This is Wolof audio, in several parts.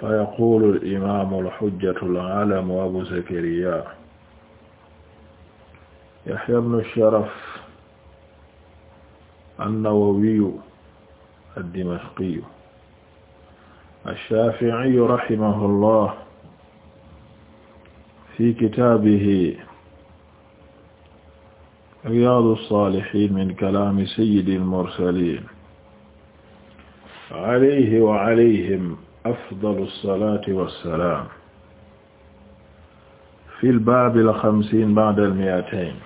fa yaqulu al-imaamu al-hujjatu al-alamu abu zakariya yahya ibnu sharaf an-nawawiyu ad-dimashqiyu ash-shaafi'iyu rahimahullah fi kitaabihi riyaadu as-saalihiin min kalaami sayyidi al-mursaliin alayhi wa alayhim afdalu salaati wa salaam fil baabil xamsiin ba'dal mi'atayn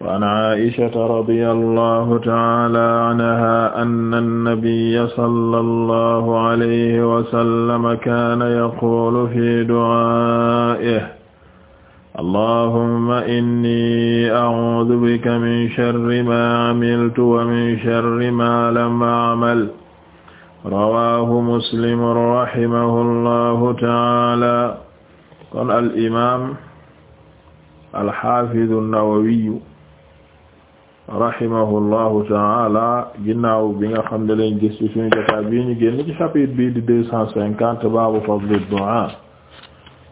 وعن عائشة رضي الله تعالى عنها أن النبي صلى الله عليه وسلم كان يقول في دعائه اللهم إني أعوذ بك من شر ما عملت ومن شر ما لم أعمل rawaahu muslim rahimahullahu taala kon al imaam al xaafidu nawawiyu rahimahullahu taala ginnaaw bi nga xam ne lañ gis ci suñu jotaay bii ñu génn ci chapitre bii di deux cent cinquante baabu fadli du'a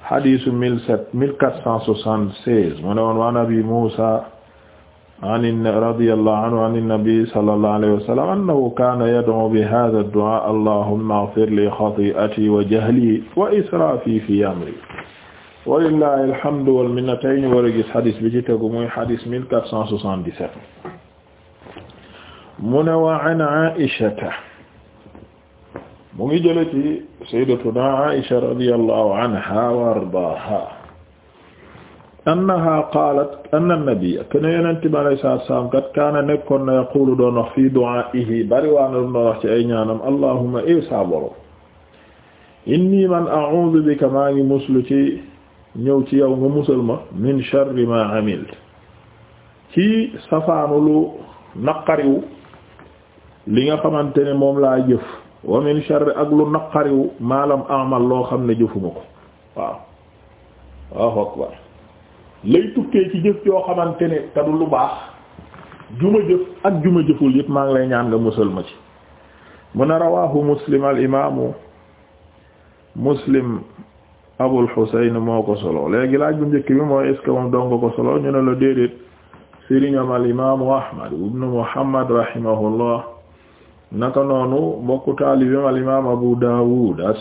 xadiisu mille sept mille quatre cent soixante-seize mu ne woon waan abi Muusa an radiyallahu anhu an nabi sallallahu alayhi wa sallam annahu kaana yad'u bi haadha ad-du'aa allahumma ighfir li khati'ati wa jahli wa israafi fi amri walillahi alhamdu wal minna tey ñu war a gis xadis bi ci tegu muy xadis 1477 mu ne wa an Aïshata mu ngi jële ci sayyidatuna Aïsha radiyallahu anha wa ardaaha annaha qaalat anna nabiyya kana yonent bi alayhi salaatu wa salaam kat kaana nekkoon na yaqulu doon wax fii du'aa'ihi bari waa na doon ci ay ñaanam allahumma eew saa borom inni man a'uudu bika maa ngi muslu ci ñëw ci yow nga musal ma min sharri maa amiltu ci safaanu lu naqariwu li nga xamante ne moom laa jëf wa min sharri ak lu naqariwu maalam loo xam ne jëfuma ko waaw waaw akbar lay tukkee ci jëf yoo xamante ne te lu baax juma jëf ak juma jëful yëpp maa ngi lay ñaan nga musal ma ci mu ne rawahu muslim al imaamu muslim abul xuseyn moo ko solo léegi laaj bu njëkk bi mooy est-ce que moom dong ko solo ñu ne la déedéet sëriñam al imaamu ahmad ibnu muhammad rahimahullah naka noonu mbokku taalibam al imaam abu daawud as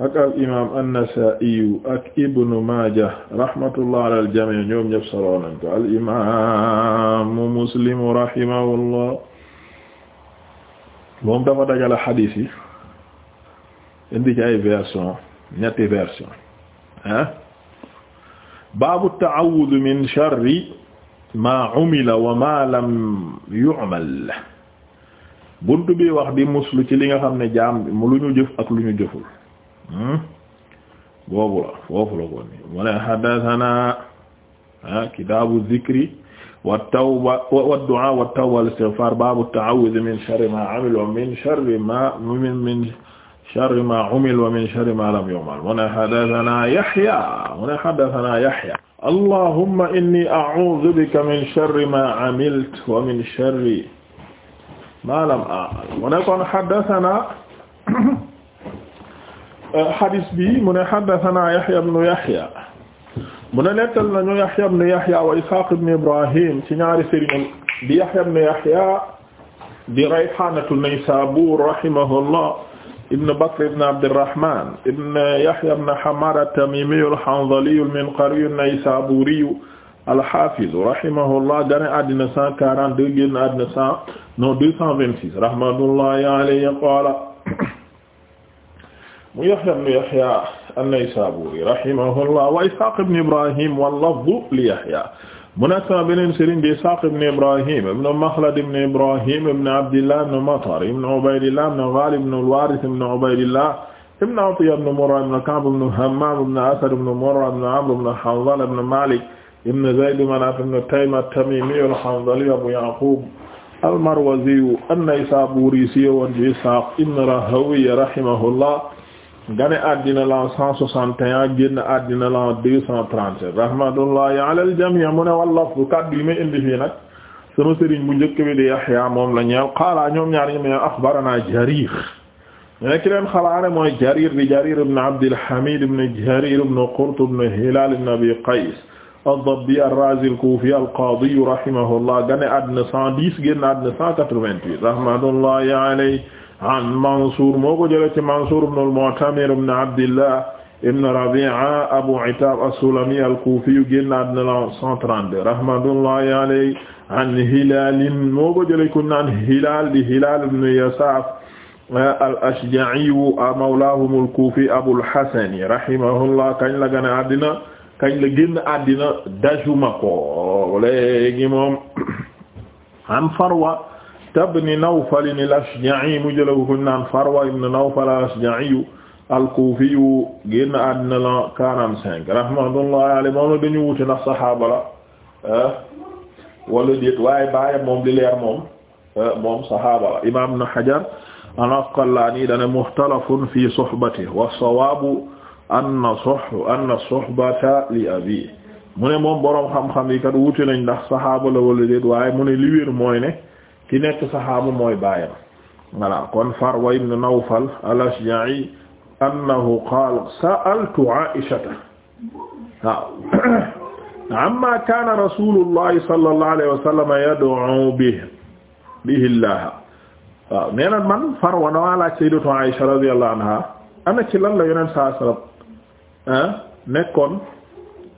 ak al imaam an-Nasaa'i ak Ibnu Maaja rahmatullah ala al-jamii' ñoom ñëpp solo nañ ko al imaamu Muslim rahimahullah moom dafa dajale xadiis yi indi ci ay version ñetti version ah baabu ta'awwud min sharri maa umila wa maa lam yu'mal buntu bi wax di muslu ci li nga xam ne jaam lu ñu jëf ak lu ñu jëful Hmm? boobu la foofu la ko ni mu ne hadathana kitaabu zikri wa tawba wa du'a wa tawba wal istighfar baabu ta'awudh min sharri ma amil wa min sharri ma min min sharri ma umil wa min sharri ma lam yu'mal mu ne hadathana yahya mu ne hadathana yahya allahumma inni a'udhu bika min sharri ma amiltu wa min sharri ma lam a'mal mu ne kon hadathana xadis bi mu ne haddathana Yahya ibn Yahya mu ne nettal nañu Yahya ibn Yahya wa Ishaq ibn Ibrahim ci ñaari sëriñam di Yahya ibn Yahya di Rayhanatu Naysabur rahimahullah ibn Bakr ibn Abdurrahman ibn Yahya ibn Hammar at-Tamimi al-Hanzali al-Minqari an-Naysaburi al-Hafiz rahimahullah gane àddina 142 génn àddina 100 non 226 rahmatullahi alayhi qala mu Yahya ibn Yahya an-Naysaburi rahimahullah wa Ishaq ibn Ibrahim wal lafzu li Yahya mu nekk sama beneen sëriñ bi Ishaq ibn Ibrahim ibn Makhlad ibn Ibrahim ibn Abdillah ibn Matar ibn Ubaydillah ibn Ghalib ibn al-Warith ibn Ubaydillah ibn Atiyya ibn Murra ibn Ka'b ibn Hammam ibn Asad ibn Murra ibn Amr ibn Hanzala ibn Malik ibn Zayd ibn Manaf ibn Taym at-Tamimi al-Hanzali Abu Ya'qub al-Marwazi an-Naysaburi siiwoon bi Ishaq ibn Rahawayh rahimahullah gane àddina la 161 génn àddina la 237 rahmatullahi ala al-jamii mu ne wallaf bu kaddu yi may indi fii nag sama sëriñ bu njëkk bi di Yahya moom la ñeel qaala ñoom ñaar ñu ne axbarana Jarir ñu nekk leen xalaare mooy Jarir di Jarir ibn Abdil Hamid ibn Jarir ibn Qurt ibn Hilal ibn Abi Qays ad-Dabbi ar-Razi al-Kufi al-Qadi rahimahullah gane àddina 110 génn àddina 188 rahmatullahi alayhi an Mansour moo ko jëlee ci Mansour ibn al-Mu'tamir ibn Abdillah ibn Rabi'a Abu Attab as-Sulami al-Kufi génnaat na la 132 rahmatullahi alayhi an Hilal moo ko jëlee ku naan Hilal di Hilal ibn Yasaf al-Ashja'i mawlahum al-Kufi Abul Hasan rahimahullah kañ la gën a addina kañ la génn addina dajuma ko léegi moom am Farwa tabni Nawfal al-Ashja'i mu jëlawu ko naan Farwa ibn Nawfal al-Ashja'i al-Kufi génn àddina la 45 rahmatullahi alayhi moom la dañu wute ndax saxaaba la ah, wala déet waaye baayam moom li leer moom ah, moom saxaaba la imaam Ibn Hajar al-Asqalani dana mukhtalafun fi suhbatihi was-sawaabu anna suhb anna suhbata li abi mu ne moom boroom xam-xam wute nañ ndax saxaaba la wala déet waaye mu li wér mooy ki nekk saxaabu mooy baayam voilà kon Farwa ibn Nawfal al-Ashja'i annahu qaala sa'altu Aishata waaw amma kaana rasuulullahi sallallahu alayhi wa sallam yad'u bihi bihi Allah waaw nee na man Farwa dama laaj sayyidatu Aisha radiyallahu anha ana ci lan la yonent saa sallam ah, nekkoon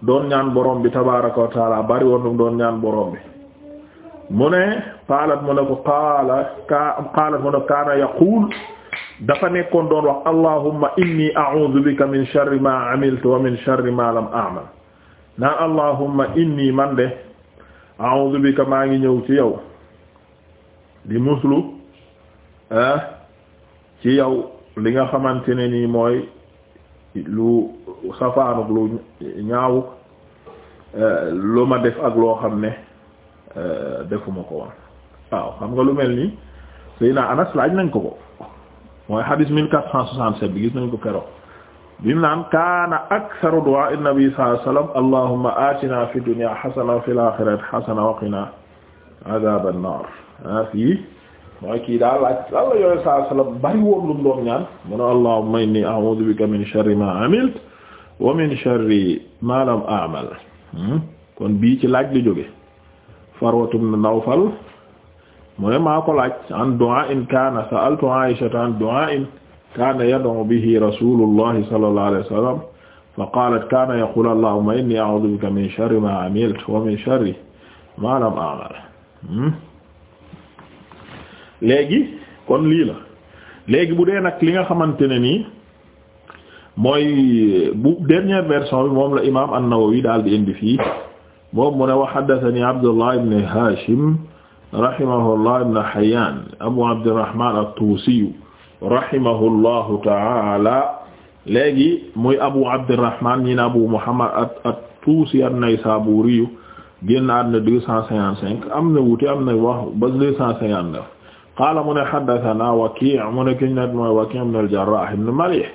doon ñaan borom bi tabaaraka wa ta'aala bari woon doon ñaan borom bi mu ne qaalat mu ne ko qaala qaalat mu ne kaana yaqul dafa nekkoon doon wax allahumma inni a'udhu bika min sharri ma amiltu wa min sharri ma lam a'mal naan allahumma inni man de a'udhu bika maa ngi ñëw ci yaw di muslu ah ci yow li nga xamante ne nii mooy lu safaanuk lu ñaawuk eh, lu ma def ak loo xam ne Euh, defuma ko woon waaw xam nga lu mel ni Seydina Anas laaj nañ ko ko mooy hadis mille quatre cent soixante bi gis nañ ko kero bi mu naan kaana aktharu du'a an-nabi sallallahu alayhi wasallam allahumma atina fi dunya hasana wa fil akhirati hasana wa qina adhaban nar ah fii mooy kii daal laaj lan la yooyu sallallahu alayhi wasallam bari woon lu mu doon min sharri ma amiltu ma a'mal hmm? kon bii ci laaj li jóge Farwatu ibn Nawfal mu ne maa ko laaj an kaana sa'altu Aysata an kaana yad'u bihi rasuulullahi sallallahu alayhi wa sallam fa qaalat kaana yaquulu allahumma innii a'uudu bika min sharri maa amiltu wa min sharri maa lam a'mal hmm? léegi kon lii la bu dee nag li nga xamante ne nii mooy bu dernière version moom la imaam an-Nawawi daal di indi fii moom mu ne wa haddathani Abdullah ibn Hashim rahimahullah ibn Hayyan Abu Abdurrahman at-Tusi rahimahullahu ta'ala léegi muy Abu Abdurrahman ñi ne Abu Muhammad at-Tusi an-Naysaburi génn na àdduna deux cent cinquante cinq am na wuute am na wax ba deux cent cinquante neuf qaala mu ne haddathana Waki' mu ne kiñ net mooy Waki' ibn al-Jarrah ibn Malih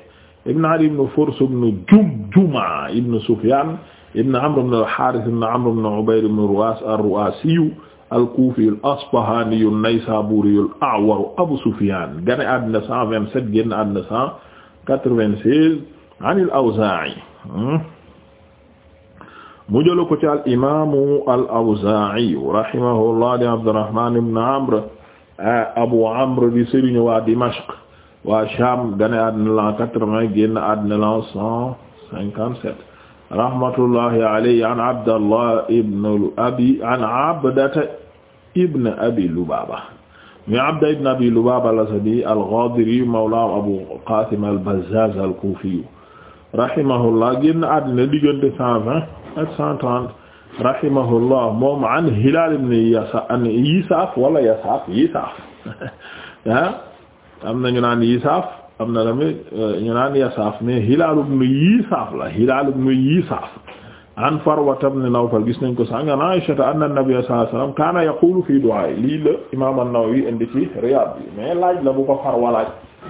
ibn Ali ibn Furs ibn Jumjuma ibn Sufyan ibn amr ibn al-harith ibn amr ibn ubayr ibn ruwas ar-ruwasiyu al-kufiyu al-asbahaniyu an-naysaburiyu al-a'waru abu sufyan gane àddina 127 génn àddina 196 an al-awza'i mu jël ko ci al-imamu al-awza'i rahimahullah di abdurrahman ibn amr abu amr di sëriñu waa dimashq waa sham gane àddina la 80 génn àddina la 157 rahmatullahi alayhi an abdallah ibn abi an abdata ibn abi lubaba mi abda ibn abi lubaba al-asadi al-ghadiri mawla abu qasim al-bazzaz al-kufi rahimahullah génn àddina diggante cent vingt ak cent trente rahimahullah moom an hilal ibn yisaaf wala yasaaf yisaaf ah am nañu naan yisaaf am na tamit euh, ñu naan yasaaf mais Hilaal la Hilaal ibn Yisaaf an Farwa ibn Nawfal gis nañ ko sànq an Aisha anna Nabiyya sallallahu alayhi wasallam kaana yaqulu fii lii la imaam an-Nawawi indi ci bi mais laaj la bu ko Farwa laaj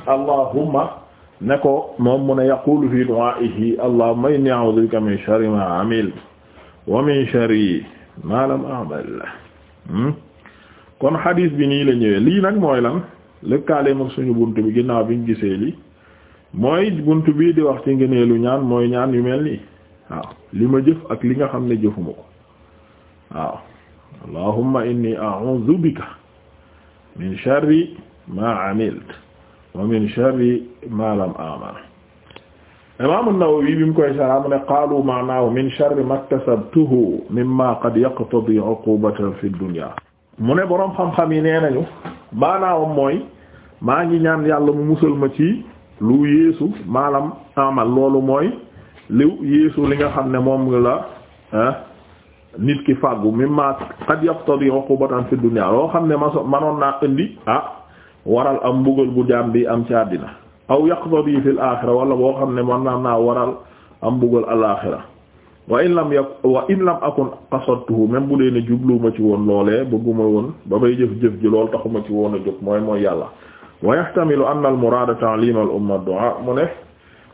allahumma moom mu ne yaqulu fii du'aa'ihi allahumma inni a'uudhu bika min sharri maa amiltu wa min sharri maa lam a'mal hmm? kon hadith bi nii la ñëwee nag mooy lëkkaale mag suñu bunt bi ginnaaw ñu gisee li mooy bunt bii di wax ci lu ñaan mooy ñaan yu mel nii waaw li ma jëf ak li nga xam ne jëfuma ko waaw allahumma inni a'udhu bika min sharri ma amiltu wa min sharri ma lam a'mal imam an-Nawawi bi mu koy sara mu ne qaalu ma'nahu min sharri maktasabtuhu mimma qad yaqtadi fi dunya mu ne boroom xam-xam yi nee nañu maanaawam mooy maa ngi ñaan yàlla mu musal ma ci lu yéesu maalam amal loolu mooy lu yéesu li nga xam ne moom la ah, nit ki fàggu mimma qad yaqtadi uqubatan fi dunya loo xam ne ma manoon naa indi ah waral am mbugal bu jaam bi am ci àddina aw yaqtadi fil aaxira wala boo xam ne man naa naa waral am mbugal al wa in lam yak wa in lam akun qasadtuhu même bu dee ne ma ci woon loolee bëgguma woon ba may jëf-jëf ji lool taxuma ci woon a jóg mooy mooy yàlla wa yahtamilu anna al muraada ta'lim al umma du'a mu ne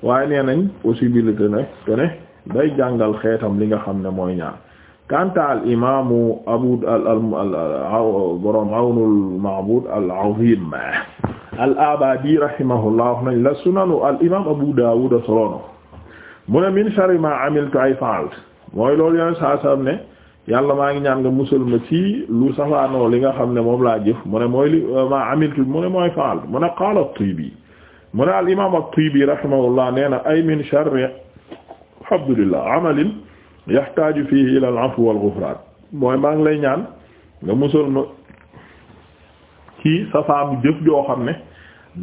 waaye nee nañ possibilité ne te ne day jàngal xeetam li nga xam ne mooy ñaan kanta al imamu abu al borom awnul ma'bud al abadi rahimahullah nañ la sunanu al imam abu dawud solono mu ne min sharri ma amiltu ay faalt mooy loolu yoneen saa saam ne yàlla maa ngi ñaan nga musal ma ci lu safaanoo li nga xam ne moom laa jëf mu ne mooy li euh, ma amiltu mu ne mooy faalt mu ne qaala at-Tiibi mu ne al imaam at-Tiibi rahimahullah nee na ay min sharri alhamdulillah amalin yaxtaaju fihi ila al-afwi mooy maa ngi lay ñaan nga musal ma ci safaanu jëf joo xam ne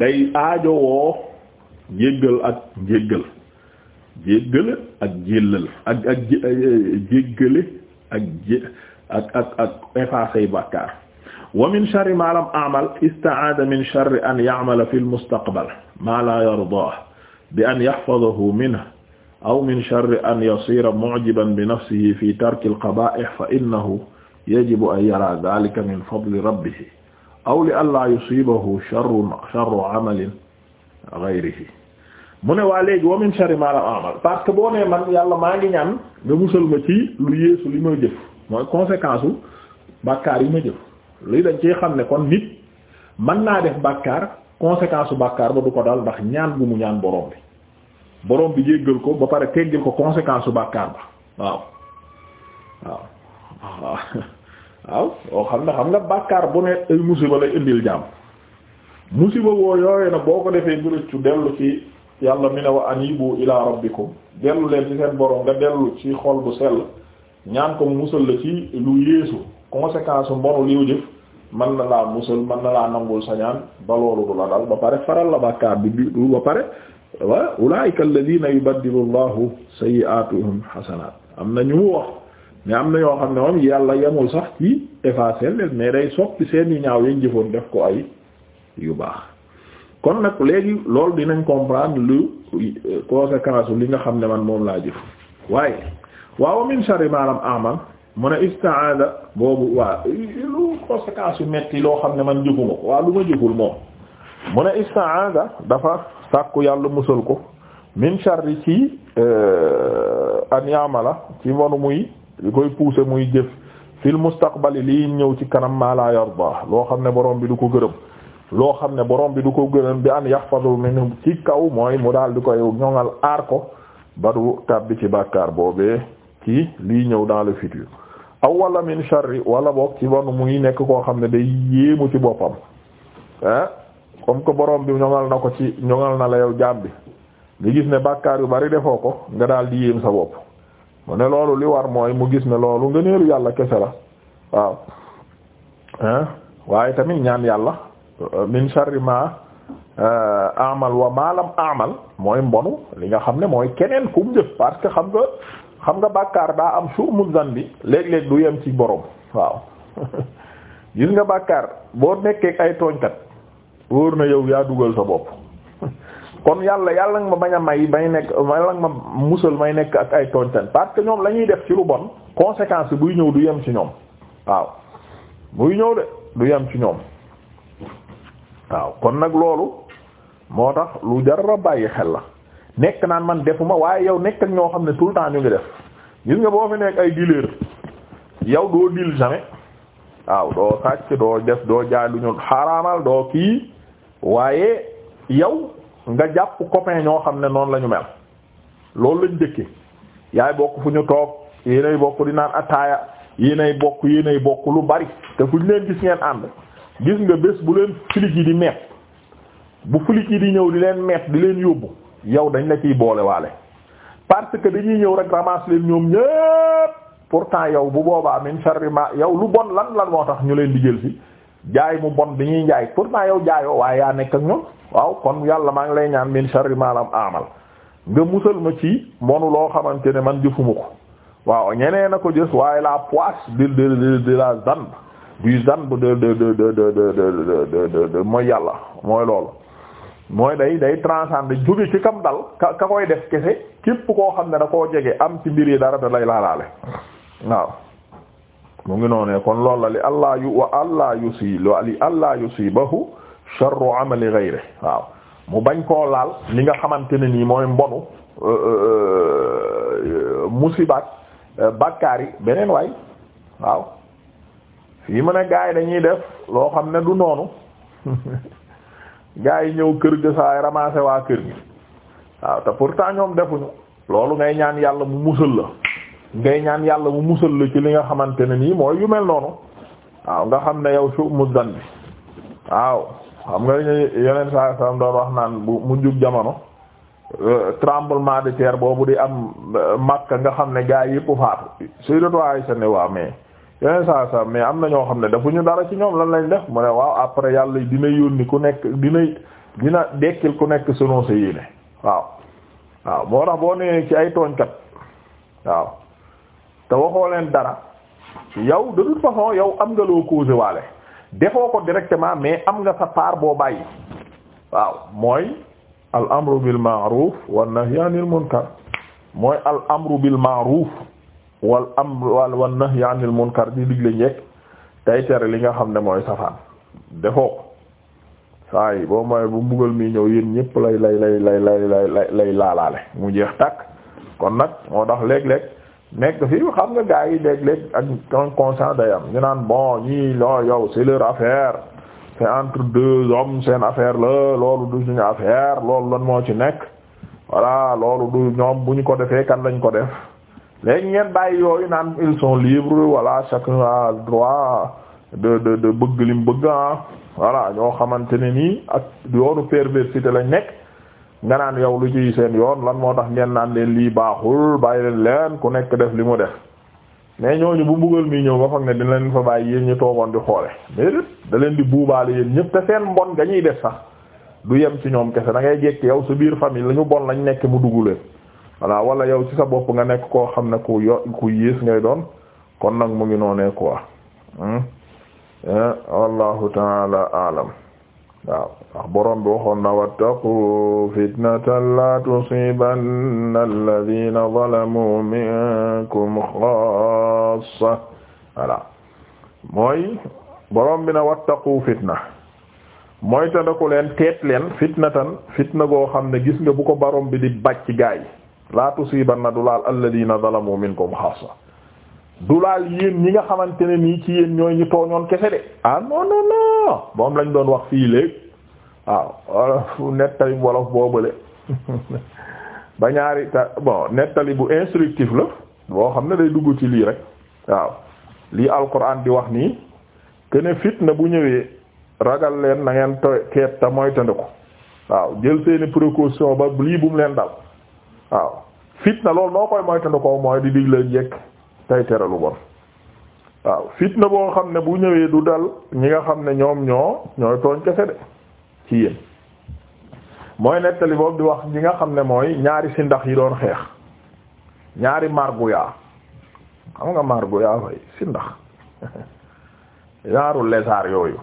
day aajowoo jéggal ak jéggal jéggale ak jéllal ak ak jéggale ak jé ak ak ak effacé bàkkaar wa min sharri ma lam a'mal ista'aada min sharri an ya'mala fi al-mustaqbal ma la yardaah bi an yahfazahu minhu aw min sharri an yasiira mu'jiban bi nafsihi fi tarki al-qabaa'ih fa innahu yajibu an yara dhalika min fadli rabbihi aw li allaa yusiibahu sharru sharru amalin ghayrihi mu ne waa léegi wa min sharri amal parce que boo nee man yàlla maa ngi ñaan nga musal ma ci lu yéesu li ma jëf mooy conséquence u bàkkaar yi ma jëf lii dañ ci xam ne kon nit mën naa def bàkkaar conséquence u bàkkaar ba du ko dal ndax ñaan bu mu ñaan borom bi borom bi jéggal ko ba pare teggil ko conséquence u bàkkaar ba waaw waaw waaw waaw yoo xam ne xam nga bàkkaar bu ne ay musiba lay indil jàmm musiba woo yooyu na boo ko defee nga rëccu dellu ci yàlla mi ne wa anibu ila rabbikum dellu leen ci seen borom nga dellu ci xol bu sell ñaan ko musal la ci lu yéesu conséquence mbonu liw jëf mën na laa musal mën na laa nangul sa ñaan ba loolu du la dal ba pare faral la bàkkaar bi du ba pare wa ulaika alladhina yubaddilu llahu sayyi'atuhum hasanat am na ñu wax mais am na yoo xam ne moom yàlla yemul sax ci effacer leen mais day soppi seen yi ñaaw yañ jëfoon def ko ay yu baax kon nag léegi loolu dinañ comprendre lu euh, conséquence li nga xam ne man moom laa jëf waaye waaw min sharri ma lam a'mal mu ne isti'aada boobu waa lu metti loo xam ne man jëfuma ko waaw lu ma jëful moom mu ne isti'aada dafa sàkku yàlla musal ko min sharri ci euh, an ya'mala ci monu muy lu koy pousser muy jëf fil mustaqbali lii ñëw ci kanam maa laa yarda loo xam ne borom bi du ko gërëm loo xam ne borom bi du ko gënal bi an yahfazu minhu ci kaw mooy mu daal di koy ñoŋal aar ko ba ci bàkkaar boobee ci lii ñëw dans le futur aw wala min wala boog ci bon mu ngi nekk koo xam ne day yéemu ci boppam ah comme que borom bi ñoŋal na ko ci ñoŋal na la yow jaam bi nga gis ne bàkkaar yu bari defoo ko nga daal di yéem ne loolu li war mooy mu gis ne loolu ngëneelu yàlla kese la waaw ah waaye tamit ñaan yàlla. min sharri ma euh, amal wa maalam amal mooy mbonu li nga xam ne mooy keneen ku mu parce que xam nga xam nga bàkkaar daa am surmu zanbi léeg-léeg du yem ci borom waaw gis nga bàkkaar boo nekkee ay tooñkat wóor na yow yaa dugal sa bopp kon yàlla yàlla nga ma bañ a may may nekk yàlla nga ma musal may nekk ak ay tooñkat parce que ñoom la ñuy def ci lu bon conséquence buy ñëw du yem ci ñoom waaw buy ñëw de du yem ci ñoom waaw kon nag loolu moo tax lu jar a bàyyi xel la nekk naan man defuma waaye yow nekk ak ñoo xam ne tout le temps ñu ngi def gis nga boo fi nekk ay dealer yow doo deal jamais waaw doo sàcc doo def doo jaay lu ñu xaaraamal doo kii waaye yow nga jàpp copain ñoo xam ne noonu lañu ñu mel loolu lañ dëkke yaay bokk fu ñu toog yéenay bokk di naan ataaya yéenay bokk yéenay bokk lu bari te fu ñu leen gis ngeen ànd gis nga bés bu leen flic yi di meet bu flic yi di ñëw di leen meet di leen yóbbu yow dañ la ciy boole waale parce que dañuy ñëw rek ramasse leen ñoom ñépp pourtant yow bu boobaa min sharri ma yow lu bon lan lan moo tax ñu leen di jël ci jaay mu bon bi ñuy jaay pourtant yow jaayoo waaye yaa nekk ak ñoom waaw kon yàlla maa ngi lay ñaan min sharri ma lam amal nga musal ma ci monu loo xamante ne man jëfuma ko waaw ñeneen a ko jës waaye la du zan bu de de de de de de mooy yàlla mooy loolu mooy day day transcender jóge ci kam dal ka ka koy def kese képp koo xam ne da koo jege am ci mbir yi dara da lay laalaale waaw mu ngi noonee kon loolu la li allah yu wa allah yu si li allah yu si bahu sharru amali ghayri waaw mu bañ koo laal li nga xamante ne nii mooy mbonu musibaat bakkaari beneen waay waaw fii mu ne gaa yi dañuy def loo xam ne du noonu gaa yi ñëw kër ga saay ramasser waa kër gi waaw te pourtant ñoom defuñu loolu ngay ñaan yàlla mu musal la ngay ñaan yàlla mu musal la ci li nga xamante ne nii mooy yu mel noonu waaw nga xam ne yow su mu dan bi waaw xam nga yeneen saa sam doon wax naan bu mu jug jamono euh, tremblement de terre boobu di am euh, Makka nga xam ne gaa yi yëpp faatu Sayyidatu Aisha ne waa mais yeneen saa saa mais am na ñoo xam ne ñu dara ci ñoom lan lañ def mu ne waaw après yàlla dina yónni ku nekk dina dina dekkil ku nekk selon sa yéene waaw waaw moo tax boo nee ci ay tooñkat waaw te waxoo leen dara yow de toute façon yow am nga loo causé defoo ko directement mais am nga sa part boo bàyyi waaw mooy al amru bil ma'ruf wan nahyi anil munkar mooy al amru bil ma'ruf wal amr wal wan nahyi anil kar di digle njekk tey tere li nga xam ne mooy safaan defoo ko saa yi boo mooy bu mbugal mi ñëw yéen ñëpp lay lay lay lay lay lay lay laalaale mu jeex takk kon nag moo tax léeg-léeg nekk fi xam nga gaa yi léeg-léeg ak conscient day am ñu naan bon ñii loo yow c'est affaire c'est entre deux hommes seen affaire la loolu du suñu affaire loolu lan moo ci nekk voilà loolu du ñoom bu ko defee kan lañ ko def léegi ngeen bàyyi yooyu naan ils sont libres voilà chacun a droit de de de bëgg lim bëgg ah voilà ñoo xamante ne nii ak yoonu perversité lañ nekk nga naan yow lu ci seen yoon lan moo tax ngeen naan leen lii baaxul bàyyi leen leen ku nekk def li mu def mais ñooñu bu mbugal mi ñëw ba foog ne dina leen fa bàyyi yéen ñu toogoon di xoole mais da leen di buubaale yéen ñëpp te seen mbon nga ñuy def sax du yem ci ñoom kese da ngay jekk yow sa biir famille la ñu bon lañ nekk mu dugg voilà wala yow ci sa bopp nga nekk koo xam ne ku yo ku yées ngay doon kon nag mu ngi noonee quoi hmm? eh, wallahu taala alam waaw wax borom bi waxoon na wattaqu fitnatan la tusibanna alladhina mooy borom bi na wattaqu fitna mooy te da ko leen teet leen fitnatan fitna goo xam ne gis nga bu ko borom bi di bàcc gaay la tusibanna du laal alladina zalamu minkum xaasa du laal yéen ñi nga xamante ne nii ci yéen ñooy ñu tooñoon kese de ah non non moom lañ doon wax fii léegi ah, waaw nettali wolof boobale ba ñaari nettali bu instructif la boo xam ne day dugg ci lii rek waaw lii alquran di wax nii kene fitna bu ñëwee ragal leen na ngeen to keet te mooy ko waaw jël seeni précaution ba lii bu mu leen dal waaw fitna loolu noo koy moytandi ko mooy di digle jekk tey tere lu bon waaw fitna boo xam ne bu ñëwee du dal ñi nga xam ne ñoom ñoo ñooy tooñ kese de ci yéen mooy nettali boobu di wax ñi nga xam ne mooy ñaari sindax yi doon xeex ñaari marguya xam nga marguya fay sindax ñaaru lézard yooyu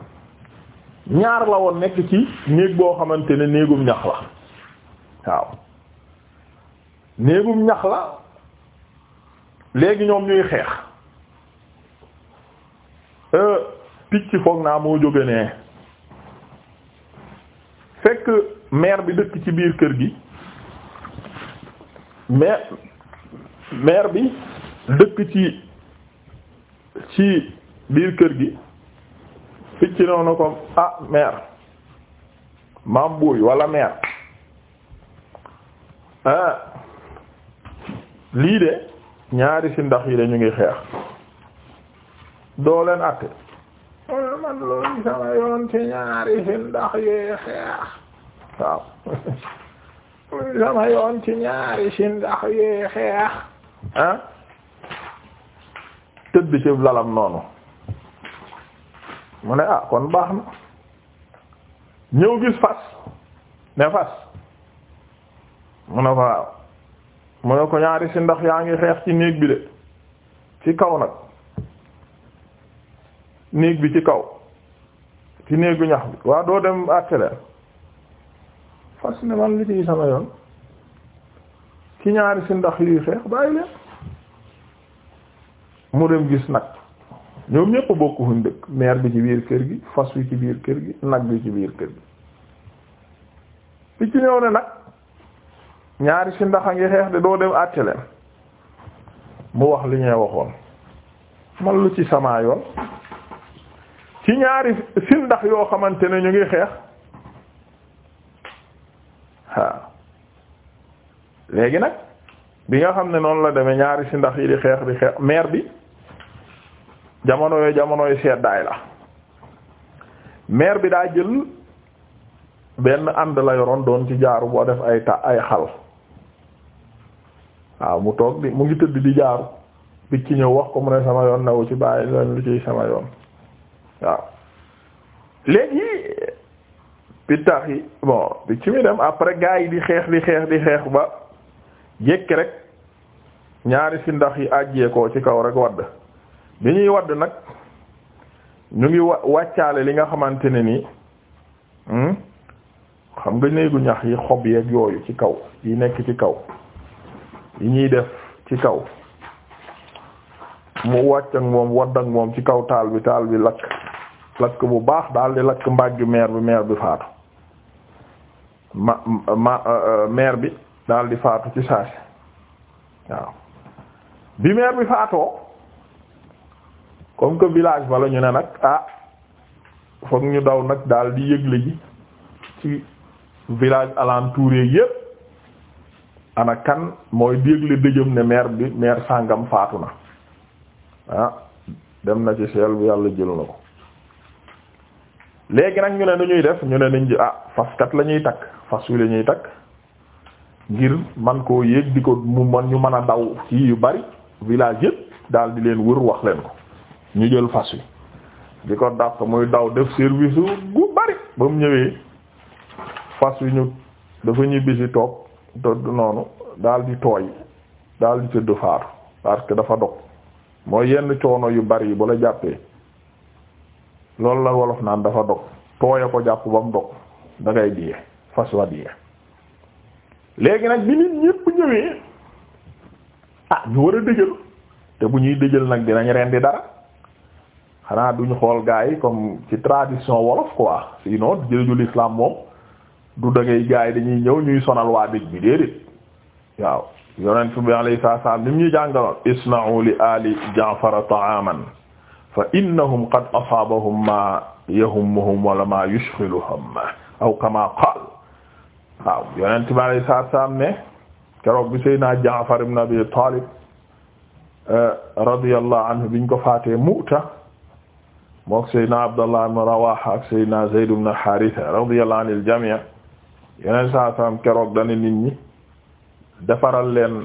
ñaar la woon nekk ci néeg boo xamante ne néegum ñax la waaw néegum ñax la léegi ñoom ñuy xeex euh, picc foog naa moo jóge nee fekk maire bi dëkk ci biir kër gi maire maire bi dëkk ci ci biir kër gi picc noonu ko ah maire maam buuy walla maire ah lii de ñaari si yi de ñu ngi xeex doo leen àtte man loolu sama yoon ci ñaari si ndax xeex waaw sama yoon ci ñaari si ndax yi xeex ah tëdd ci lalam noonu mu ne ah kon baax na ñëw gis fas ne fas mu ne waaw mu ne ko ñaari si ndax yaa ngi xeex ci néeg bi de ci kaw nag néeg bi ci kaw ci néegu ñax bi waa doo dem àtteleen fas ne man li ci sama yoon ci ñaari si ndax yuy xeex bàyyi leen mu dem gis nag ñoom ñépp bokk fuñ dëkk meer bi ci biir kër gi fas wi ci biir kër gi nag bi ci biir kër gi li ci ñëw ne nag ñaari si ndax a ngi xeex de doo dem àtte leen mu wax li ñee waxoon man lu ci samaa yoon ci ñaari si ndax yoo xamante ne ñu ngi xeex léegi nag bi nga xam ne noonu la demee ñaari si ndax yi di xeex di xeex meer bi jamono yooyu jamonoy yu seddaay la meer bi daa jël benn ànd la yoroon doon ci jaaru boo def ay ta ay xal waaw mu toog di mu ngi tëdd di jaaru picc ñëw wax ko mu ne sama yoon nawu ci bàyyi leen lu ciy sama yoon waaw léegi pittax yi bon picc mi dem après gars di xeex di xeex di xeex ba jékki rek ñaari si ndax yi àjjee ci kaw rek wadd bi ñuy wadd nag ñu ngi wa- wàccaale li nga xamante ne ni hmm, xam nga néegu ñax yi xob yeeg yooyu ci kaw yi nekk ci kaw yi ñuy def ci kaw mu wàcc ak moom wadd ak moom ci kaw taal bi taal bi lakk lakk bu baax daal di lakk mbàjju meer bi meer bi faatu ma ma euh, meer bi daal di faatu ci saasi waaw bi meer bi faatoo comme que village ba la ne nag ah foog ñu daw nag daal di yëgle ji ci village alentour yépp ana kan mooy dégle dëjëm ne maire bi maire sàngam faatu na ah dem na ci seel bu yàlla jël na ko léegi nag ñu ne nu ñuy def ñu ne nañ ji ah la ñuy takk fas wi la ñuy takk man koo yéeg di ko mu ñu mën a daw ci yu bari village yëpp daal leen wër wax leen ko ñu ko dàq muy daw def service gu bari ba mu ñëwee fas wi ñu dafa ñibbisi toog dodd noonu daal di tooy daal di tëdd faatu parce que dafa dog mooy yenn coono yu bari yi ba la jàppee loolu la wolof naan dafa dog tooy ko jàpp ba mu dog dangay ngay diye fas wa léegi nag bi nit ñépp ñëwee ah ñu war a dëjël te bu ñuy dëjël nag dinañ di dara xanaa duñu xool gaa yi comme ci tradition wolof quoi sinon jëju l'islam moom du dangay gars yi dañuy ñëw ñuy sonal waa dëj bi déedéet waaw yonent bi alayhi salaam ni mu ñu jàngaloon isna'u li ali ja'far ta'aman fa innahum qad asaabahum ma yahummuhum wala ma yushghiluhum aw kama qaal waaw yonent bi alayhi salaam ne keroog bi Seydina Ja'far ibn Abi Talib eh, radiyallahu anhu biñ ko faatee Mu'ta mook Seydina Abdallah ibn Rawaha ak Seydina Zayd ibn Haritha radiyallahu anil jami' yeneen saa saam keroog dana nit ñi defaral leen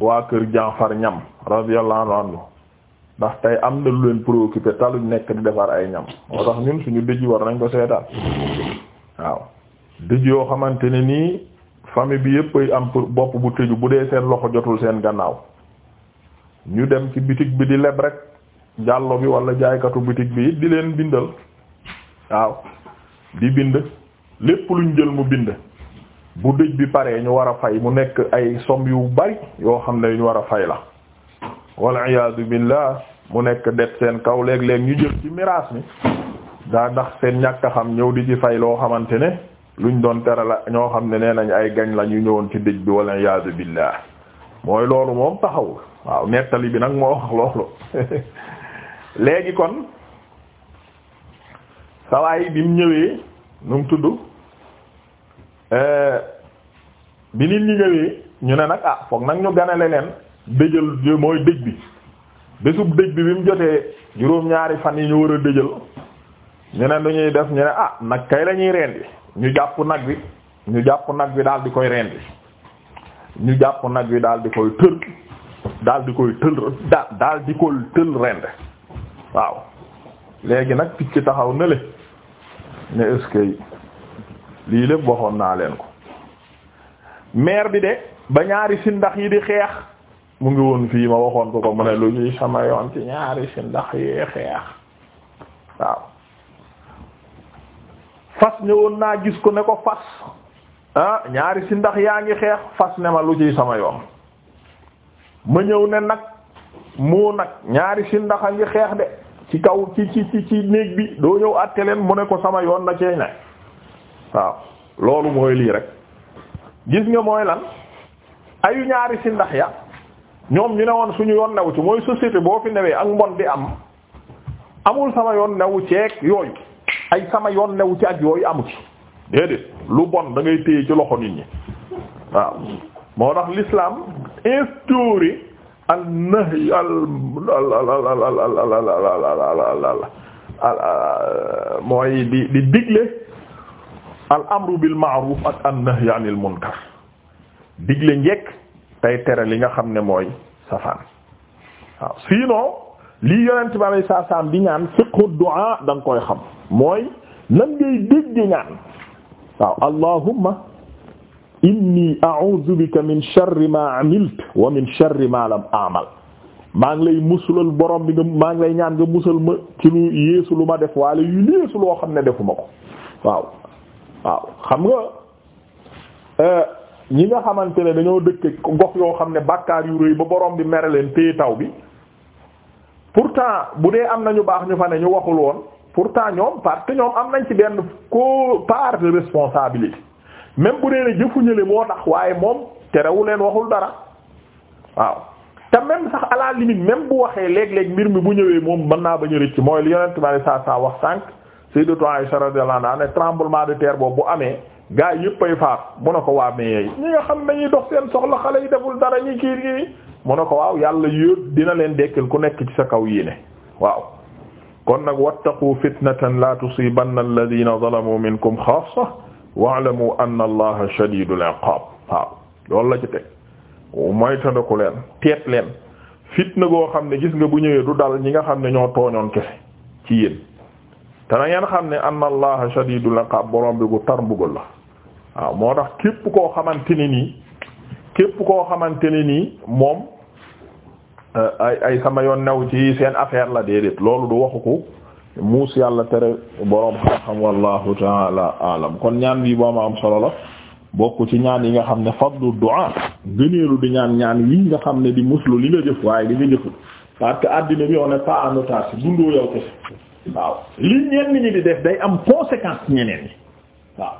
waa kër Jaafar ñam radiyallahu anhu ndax tey am na lu leen préoccupé taluñ nekk di defar ay ñam moo tax ñun suñu dëj war nañ ko seetaan waaw dëj yoo xamante ne nii famille bi yëpp am bopp bu tëju bu dee seen loxo jotul seen gannaaw ñu dem ci bitik bi di leb rek jàllo bi wala jaaykatu bitik bi di leen bindal waaw di bind lépp luñ jël mu bind bu dëj bi paree ñu war a fay mu nekk ay som yu bari yoo xam ne yu ñu war a fay la wal iyaadu billah mu nekk det seen kaw léeg-léeg ñu jël ci miraas mi daa ndax seen ñàkk xam ñëw di ci fay loo xamante ne luñ doon tere la ñoo xam ne nee nañ ay gañ la ñu ñëwoon ci dëj bi wal iyaadu billah mooy loolu moom taxawul waaw nettali bi nag moo wax loolu léegi kon sawaay bi mu ñëwee nu mu tudd Euh, bi nit ñi ñëwee ñu ne nag ah foog nag ñu ganale leen dëjël mooy dëj bi bésub dëj bi bi mu jotee juróom-ñaari fan yi ñu war a dëjël ñu ne lu ñuy def ñu ne ah nag kay lañuy ñuy ñu jàpp nag bi ñu jàpp nag bi daal di koy rendi ñu jàpp nag bi daal di koy tël daal di koy tël da rend waaw léegi nag picc taxaw na le ne est-ce lii lépp waxoon naa leen ko maire bi de ba ñaari sindax yi di xeex mu ngi woon fii ma waxoon ko ko mu ne lu ñuy sama yoon ci ñaari sindax yi xeex waaw fas ñëwoon naa gis ko ne ko fas ah ñaari sindax yaa ngi xeex fas ne ma lu ciy sama yoon ma ñëw ne nag moo nag ñaari sindax a ngi xeex de ci kaw ci ci ci ci néeg bi doo ñëw àtte leen mu ne ko sama yoon na cee ne waaw loolu mooy lii rek gis nga mooy lan ayu ñaari si ndax ya ñoom ñu ne woon suñu yoon new ci mooy société boo fi newee ak mbon di am amul sama yoon new ceeg yooyu ay sama yoon new ci ak yooyu amu ci déedéet lu bon da ngay téye ci loxo nit ñi waaw moo tax l'islam instauré an nahy al mooy di di digle al amru bil ma'ruf ak an nahyi anil munkar nga xam ne mooy safaan waaw sinon bi alay di ñaan fiqhu du'a da koy xam mooy lan ngay dégg ñaan waaw allahumma inni a'udhu bika min sharri ma amiltu wa ma maa ngi lay musulal borom bi nga maa ngi lay ñaan nga musal ma ci lu yéesu lu ma def waale yu yéesu loo xam ne defuma ko waaw waaw xam nga euh, ñi nga xamante ne dañoo dëkk gox yoo xam ne bàkkaar yu rëy ba borom bi mere leen téye taw bi pour pourtant bu dee am na ñu baax ñu fa ne ñu waxul woon pour pourtant ñoom parce que ñoom am nañ ci benn co part de responsabilité même bu dee ne jëfuñale moo tax waaye moom terewu leen waxul dara waaw te même sax alaa la limite même bu waxee léeg-léeg mbir mi bu ñëwee moom mën naa ba a ci mooy li yonent bi saa saa wax sànq. Sayyidatu Aisha radiyallahu anha ne tremblement de terre boobu bu amee gaa yëpp ay faat mu ne ko waa mais ñi nga xam ne ñuy dox seen soxla xale yi deful dara ñi kii kii mu ne ko waaw yàlla yëpp dina leen dekkil ku nekk ci sa kaw yii ne waaw kon nag wattaqu fitnatan la tusibanna alladhina zalamu minkum khassa wa'lamu anna allaha shadidul iqab waaw loolu la ci teg mooy tandaku leen teet leen fitna koo xam ne gis nga bu ñëwee du dal ñi nga xam ne ñoo tooñoon kese ci yéen te na ngeen xam ne anna allaha shadidul iqab borom bi bu tar mbugo la waaw moo tax képp koo xamante ne nii képp koo xamante ne nii moom eh, ay ay sama yoon new ci seen affaire la déedéet loolu du waxu ko muus yàlla tere borom xam-xam wallahu taala alam kon ñaan bii boo ma am solo la bokk ci ñaan yi nga xam ne fadlu du'a gëneelu di ñaan ñaan yi nga xam ne di muslu li nga jëf waaye li nga jëful parce que addina bi on n'est pas en otage dundoo yow kese waaw li ñenn ñi di def day am conséquence ñeneen ñi waaw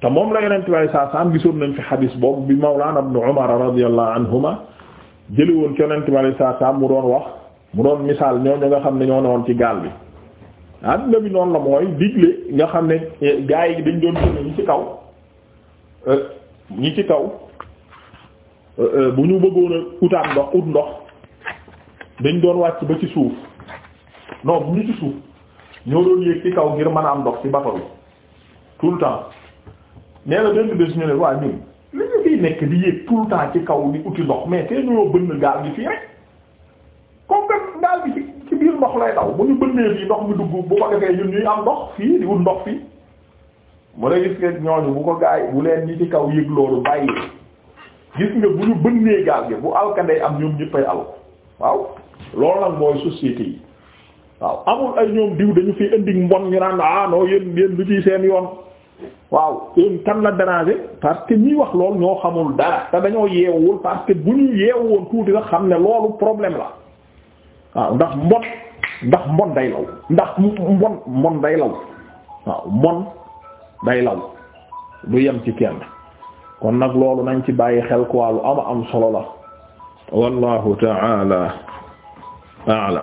te moom la yonent bi saa saam gisoon nañ fi xadis boobu bi Mawlana ibn Umar radiyallahu anhuma jëli woon ci yonent bi saa saam mu doon wax mu doon misaal ñooñu nga xam ne ñoo ne woon ci gaal bi àdduna bi noon la mooy digle nga xam ne eh, gaa yi dañ doon tënk ñi ci kaw eh, ñi ci kaw eh, bu ñu bëggoon a utaat ndox ut ndox dañ doon wàcc ba ci suuf. non ñu ci suuf ñoo doon yéeg ci kaw ngir mën a am ndox ci bato bi tout le temps nee na benn bés ñu ne waa ñun li ñu fiy nekk di yéeg tout le temps ci kaw di uti ndox mais te ñoo bënn gaal gi fii rek comme que gaal gi ci ci ndox ñu bënnee mi dugg bu ko defee ñun ñuy am ndox fii di ut ndox fii mu ne gis nga ñooñu bu ko gaay bu leen ñi ci kaw yëg loolu bàyyi gis nga bu ñu bënnee gaal gi bu alkanday am ñoom ñëppay al waaw loolu nag mooy société yi waaw amul ay ñoom diw dañu fi indi mbon ñu naan ah non yéen yéen lu ciy seen yoon waaw yéen kan la déranger parce que ñi wax lool ñoo xamul dara te dañoo yeewul parce que bu ñu yeewoon tuuti la xam ne loolu problème la waaw ndax mbon ndax mbon day law ndax mbon mbon day law waaw mbon day law du yem ci kenn kon nag loolu nañ ci bàyyi xel quoi lu ama am solo la wallahu ta'ala a'lam